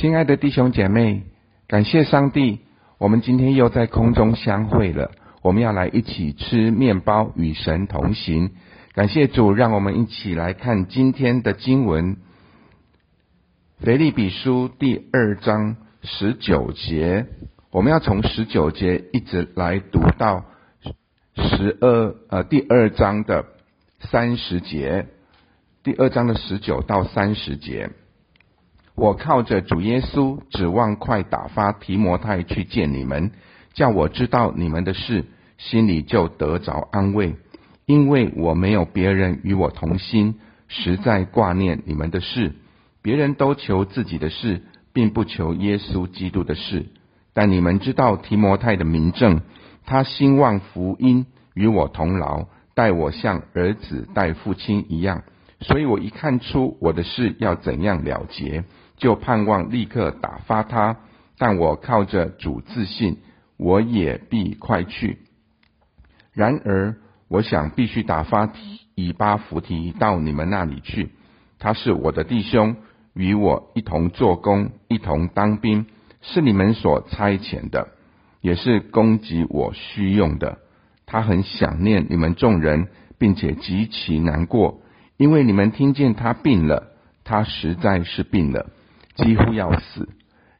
親愛的弟兄姐妹，感謝上帝，我們今天又在空中相會了。我們要來一起吃麵包與神同行。感謝主，讓我們一起來看今天的經文《腓立比書》第二章十九節。我們要從十九節一直來讀到十二呃，第二章的三十節，第二章的十九到三十節。我靠着主耶穌，指望快打發提摩太去見你們，叫我知道你們的事，心裡就得着安慰，因為我沒有別人與我同心，實在掛念你們的事。別人都求自己的事，並不求耶穌基督的事。但你們知道提摩太的明證，他興旺福音，與我同勞，待我像兒子待父親一樣，所以我一看出我的事要怎樣了結。就盼望立刻打發他，但我靠着主自信，我也必快去。然而，我想必須打發提以巴弗提到你們那裡去，他是我的弟兄，與我一同做工，一同當兵，是你們所差遣的，也是供給我需用的。他很想念你們眾人，並且極其難過，因為你們聽見他病了，他實在是病了。幾乎要死，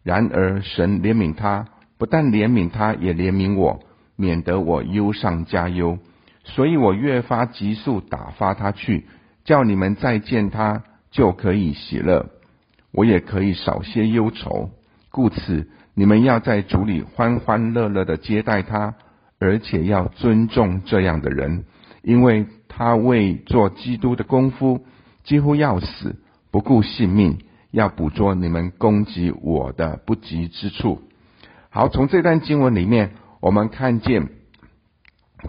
然而神憐憫他，不但憐憫他，也憐憫我，免得我憂上加憂。所以我越發急速打發他去，叫你們再見他就可以喜樂，我也可以少些憂愁。故此，你們要在主裡歡歡樂樂的接待他，而且要尊重這樣的人，因為他為做基督的功夫幾乎要死，不顧性命。要捕捉你們攻擊我的不及之處。好，從這段經文裡面，我們看見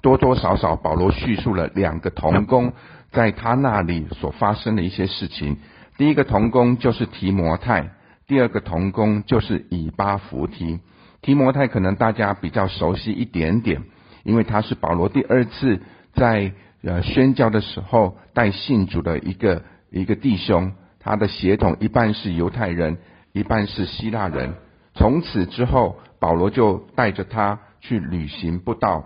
多多少少保羅敘述了兩個同工在他那裡所發生的一些事情。第一個同工就是提摩太，第二個同工就是以巴弗提。提摩太可能大家比較熟悉一點點，因為他是保羅第二次在呃宣教的時候帶信主的一個一個弟兄。他的血統一半是猶太人，一半是希臘人。從此之後，保羅就帶着他去旅行布道，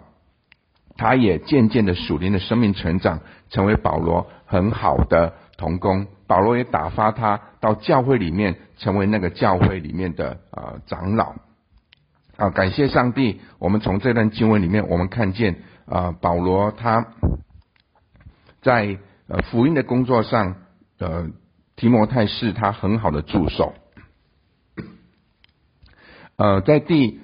他也漸漸的屬靈的生命成長，成為保羅很好的同工。保羅也打發他到教會裡面，成為那個教會裡面的呃長老。啊，感謝上帝，我們從這段經文裡面，我們看見啊、呃，保羅他在、呃、福音的工作上，呃。提摩太是他很好的助手。呃，在第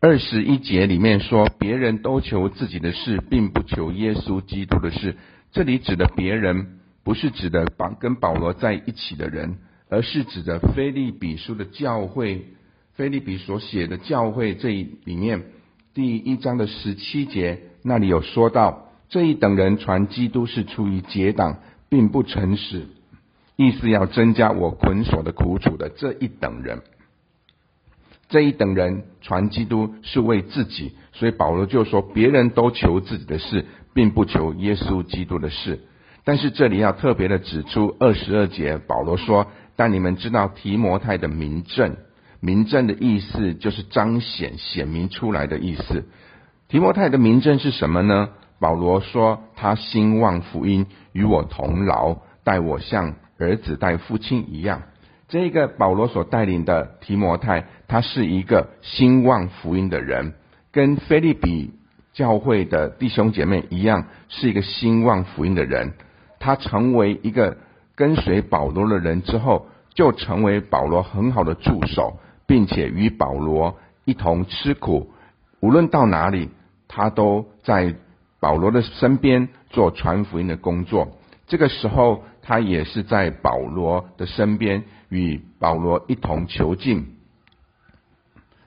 二十一節裡面說，別人都求自己的事，並不求耶穌基督的事。這裡指的別人，不是指的保跟保羅在一起的人，而是指的腓立比書的教會。腓立比所寫的教會這一裡面，第一章的十七節那裡有說到，這一等人傳基督是出於結黨，並不誠實。意思要增加我捆鎖的苦楚的這一等人，這一等人傳基督是為自己，所以保羅就說：別人都求自己的事，並不求耶穌基督的事。但是這裡要特別的指出二十二節，保羅說：但你們知道提摩太的明證，明證的意思就是彰顯、顯明出來的意思。提摩太的明證是什麼呢？保羅說：他興旺福音，與我同勞，待我像兒子帶父親一樣，這個保羅所帶領的提摩太，他是一個興旺福音的人，跟腓立比教會的弟兄姐妹一樣，是一個興旺福音的人。他成為一個跟隨保羅的人之後，就成為保羅很好的助手，並且與保羅一同吃苦，無論到哪裡，他都在保羅的身邊做傳福音的工作。這個時候，他也是在保羅的身邊，與保羅一同囚禁。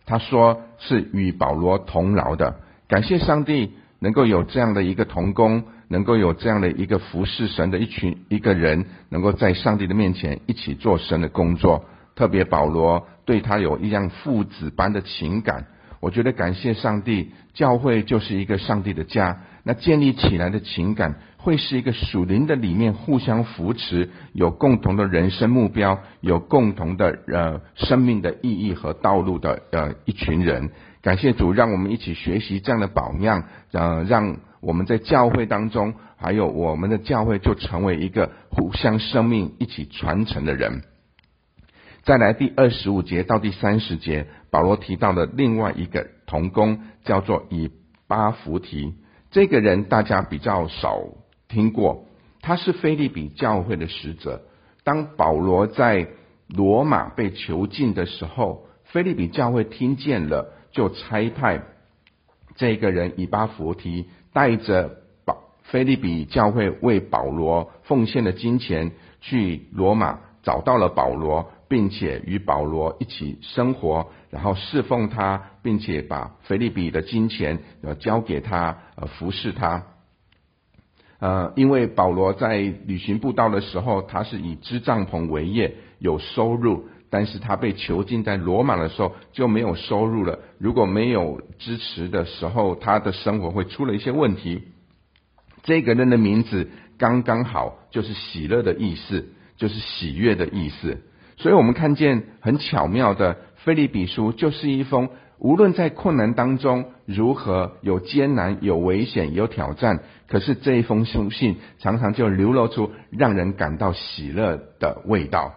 他說是與保羅同勞的。感謝上帝能夠有這樣的一個同工，能夠有這樣的一個服侍神的一群一個人，能夠在上帝的面前一起做神的工作。特別保羅對他有一樣父子般的情感。我覺得感謝上帝，教會就是一個上帝的家。那建立起來的情感，會是一個屬靈的裡面互相扶持，有共同的人生目標，有共同的呃生命的意義和道路的呃一群人。感謝主，讓我們一起學習這樣的榜樣，呃，讓我們在教會當中，還有我們的教會就成為一個互相生命一起傳承的人。再來第二十五節到第三十節，保羅提到的另外一個同工，叫做以巴弗提。這個人大家比較少聽過，他是腓利比教會的使者。當保羅在羅馬被囚禁的時候，腓利比教會聽見了，就差派這個人以巴弗提，帶着保腓利比教會為保羅奉獻的金錢，去羅馬找到了保羅。並且與保羅一起生活，然後侍奉他，並且把腓立比的金錢呃，交給他呃，服侍他。呃，因為保羅在旅行布道的時候，他是以織帳篷為業，有收入，但是他被囚禁在羅馬的時候就沒有收入了。如果沒有支持的時候，他的生活會出了一些問題。這個人的名字剛剛好，就是喜樂的意思，就是喜悅的意思。所以，我們看見很巧妙的《腓立比書》就是一封，無論在困難當中如何有艱難、有危險、有挑戰，可是這一封書信常常就流露出讓人感到喜樂的味道。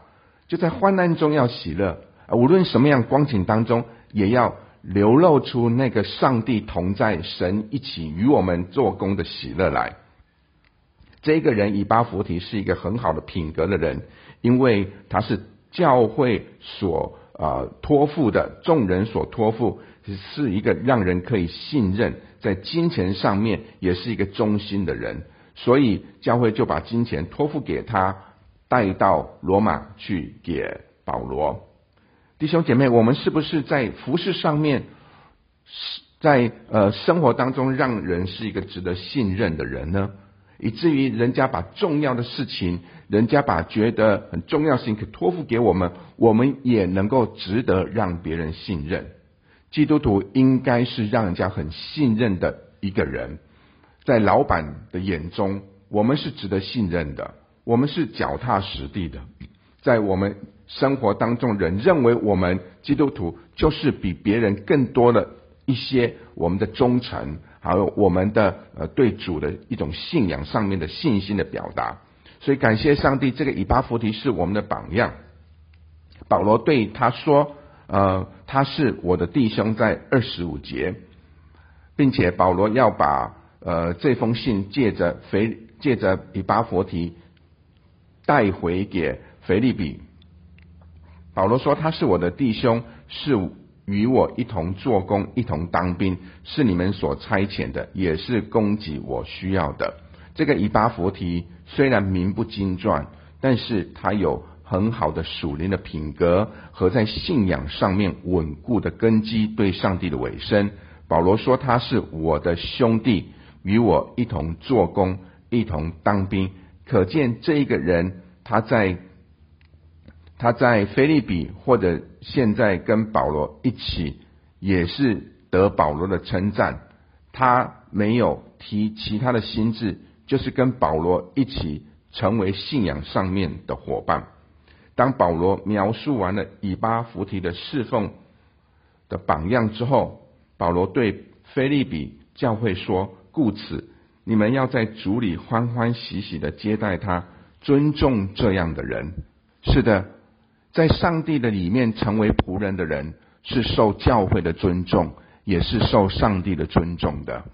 就在患難中要喜樂，無論什麼樣光景當中，也要流露出那個上帝同在、神一起與我們做工的喜樂來。這個人以巴弗提是一個很好的品格的人，因為他是。教會所啊、呃、託付的眾人所託付，是一個讓人可以信任，在金錢上面也是一個忠心的人，所以教會就把金錢託付給他，帶到羅馬去給保羅。弟兄姐妹，我們是不是在服侍上面，是在呃生活當中讓人是一個值得信任的人呢？以至於人家把重要的事情，人家把覺得很重要的事情可托付給我們，我們也能夠值得讓別人信任。基督徒應該是讓人家很信任的一個人，在老闆的眼中，我們是值得信任的，我們是腳踏實地的，在我們生活當中，人認為我們基督徒就是比別人更多的一些我們的忠誠。還有我們的呃對主的一種信仰上面的信心的表達，所以感謝上帝，這個以巴弗提是我們的榜樣。保羅對他說，呃，他是我的弟兄，在二十五節，並且保羅要把呃這封信借着腓，借着以巴弗提帶回給腓立比。保羅說他是我的弟兄，是。與我一同做工，一同當兵，是你們所差遣的，也是供給我需要的。這個以巴弗提雖然名不經傳，但是他有很好的屬靈的品格和在信仰上面穩固的根基，對上帝的委身。保羅說他是我的兄弟，與我一同做工，一同當兵，可見這一個人他在。他在腓立比或者現在跟保羅一起，也是得保羅的稱讚。他沒有提其他的心志，就是跟保羅一起成為信仰上面的夥伴。當保羅描述完了以巴弗提的侍奉的榜樣之後，保羅對腓立比教會說：“故此，你們要在主裡歡歡喜喜地接待他，尊重這樣的人。”是的。在上帝的裡面成為僕人的人，是受教會的尊重，也是受上帝的尊重的。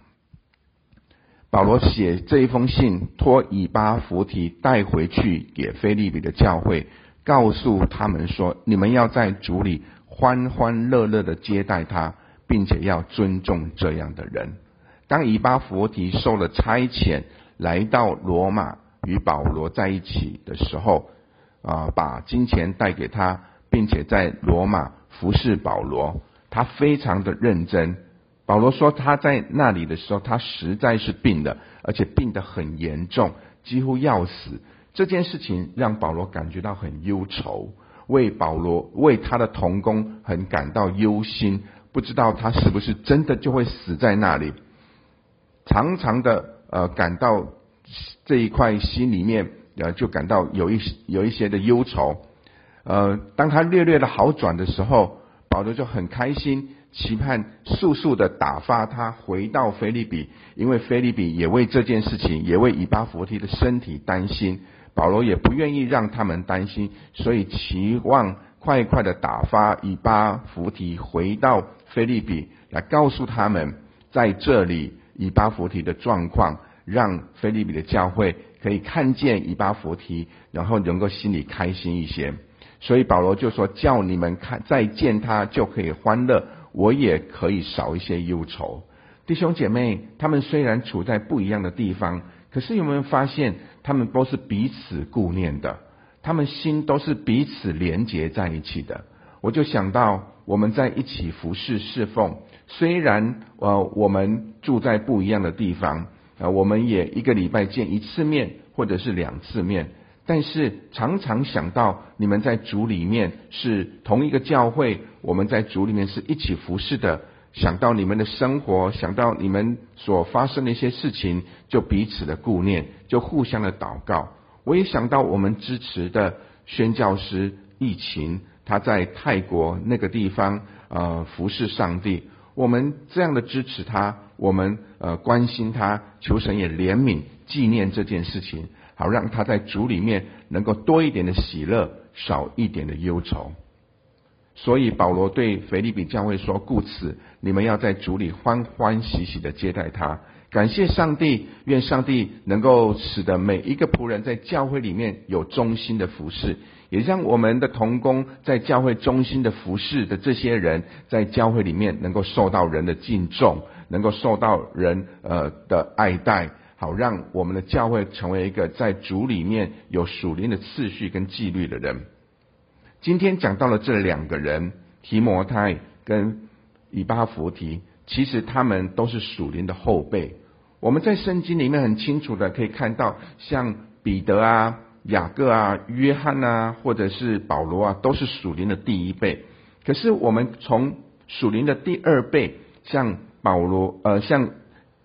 保羅寫這一封信，托以巴弗提帶回去給腓立比的教會，告訴他們說：你們要在主裡歡歡樂樂地接待他，並且要尊重這樣的人。當以巴弗提受了差遣，來到羅馬與保羅在一起的時候。啊，把金錢帶給他，並且在羅馬服侍保羅。他非常的認真。保羅說他在那裡的時候，他實在是病的，而且病得很嚴重，幾乎要死。這件事情讓保羅感覺到很憂愁，為保羅為他的同工很感到憂心，不知道他是不是真的就會死在那裡，常常的呃感到這一塊心裡面。呃，然後就感到有一有一些的憂愁，呃，當他略略的好轉的時候，保羅就很開心，期盼速速的打發他回到腓立比，因為腓立比也為這件事情，也為以巴弗提的身體擔心，保羅也不願意讓他們擔心，所以期望快快的打發以巴弗提回到腓立比，來告訴他們在這裡以巴弗提的狀況，讓腓立比的教會。可以看見以巴弗提，然後能夠心裡開心一些。所以保羅就說：“叫你們看，再見他就可以歡樂，我也可以少一些憂愁。”弟兄姐妹，他們雖然處在不一樣的地方，可是有沒有發現他們都是彼此顧念的？他們心都是彼此連結在一起的。我就想到，我們在一起服侍侍奉，雖然呃我們住在不一樣的地方。呃，我們也一個禮拜見一次面，或者是兩次面。但是常常想到你們在主裡面是同一個教會，我們在主裡面是一起服侍的。想到你們的生活，想到你們所發生的一些事情，就彼此的顧念，就互相的禱告。我也想到我們支持的宣教師疫情，他在泰國那個地方呃，服侍上帝，我們這樣的支持他。我們呃，關心他，求神也憐憫紀念這件事情，好讓他在主裡面能夠多一點的喜樂，少一點的憂愁。所以保羅對腓立比教會說：“故此，你們要在主裡歡歡喜喜地接待他。感謝上帝，願上帝能夠使得每一個僕人在教會裡面有忠心的服侍，也讓我們的同工在教會忠心的服侍的這些人在教會裡面能夠受到人的敬重。”能夠受到人呃的愛戴，好讓我們的教會成為一個在主裡面有屬靈的次序跟紀律的人。今天講到了這兩個人，提摩太跟以巴弗提，其實他們都是屬靈的後輩。我們在聖經裡面很清楚的可以看到，像彼得啊、雅各啊、約翰啊，或者是保羅啊，都是屬靈的第一輩。可是我們從屬靈的第二輩，像。保羅，呃，像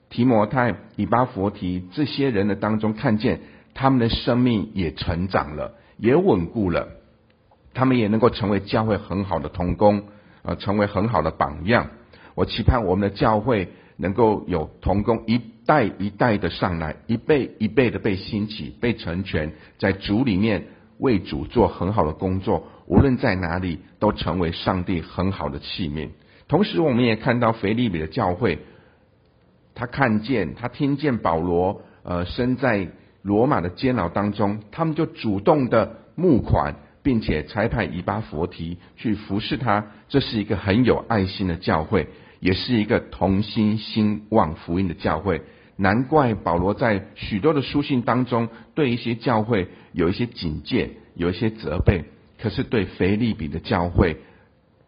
提摩太、以巴弗提這些人的當中，看見他們的生命也成長了，也穩固了，他們也能夠成為教會很好的同工，呃，成為很好的榜樣。我期盼我們的教會能夠有同工一代一代的上來，一輩一輩的被興起、被成全，在主裡面為主做很好的工作，無論在哪裡都成為上帝很好的器皿。同時，我們也看到腓利比的教會，他看見、他聽見保羅，呃，身在羅馬的監牢當中，他們就主動的募款，並且差派以巴弗提去服侍他。這是一個很有愛心的教會，也是一個同心興旺福音的教會。難怪保羅在許多的書信當中，對一些教會有一些警戒，有一些責備。可是對腓利比的教會，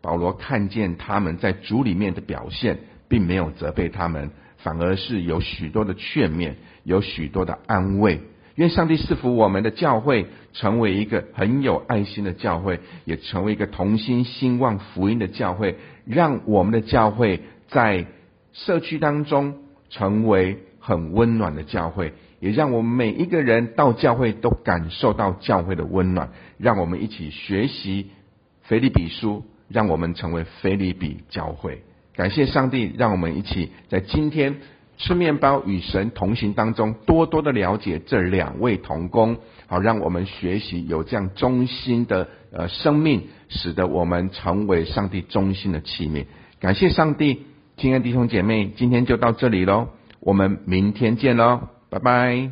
保羅看見他們在主裡面的表現，並沒有責備他們，反而是有許多的勸勉，有許多的安慰。願上帝賜福我們的教會，成為一個很有愛心的教會，也成為一個同心興旺福音的教會。讓我們的教會在社區當中成為很溫暖的教會，也讓我們每一個人到教會都感受到教會的溫暖。讓我們一起學習腓立比書。讓我們成為腓立比教會。感謝上帝，讓我們一起在今天吃麵包與神同行當中，多多的了解這兩位同工，好，讓我們學習有這樣忠心的呃生命，使得我們成為上帝忠心的器皿。感謝上帝，親愛的弟兄姐妹，今天就到這裡嘍，我們明天見嘍，拜拜。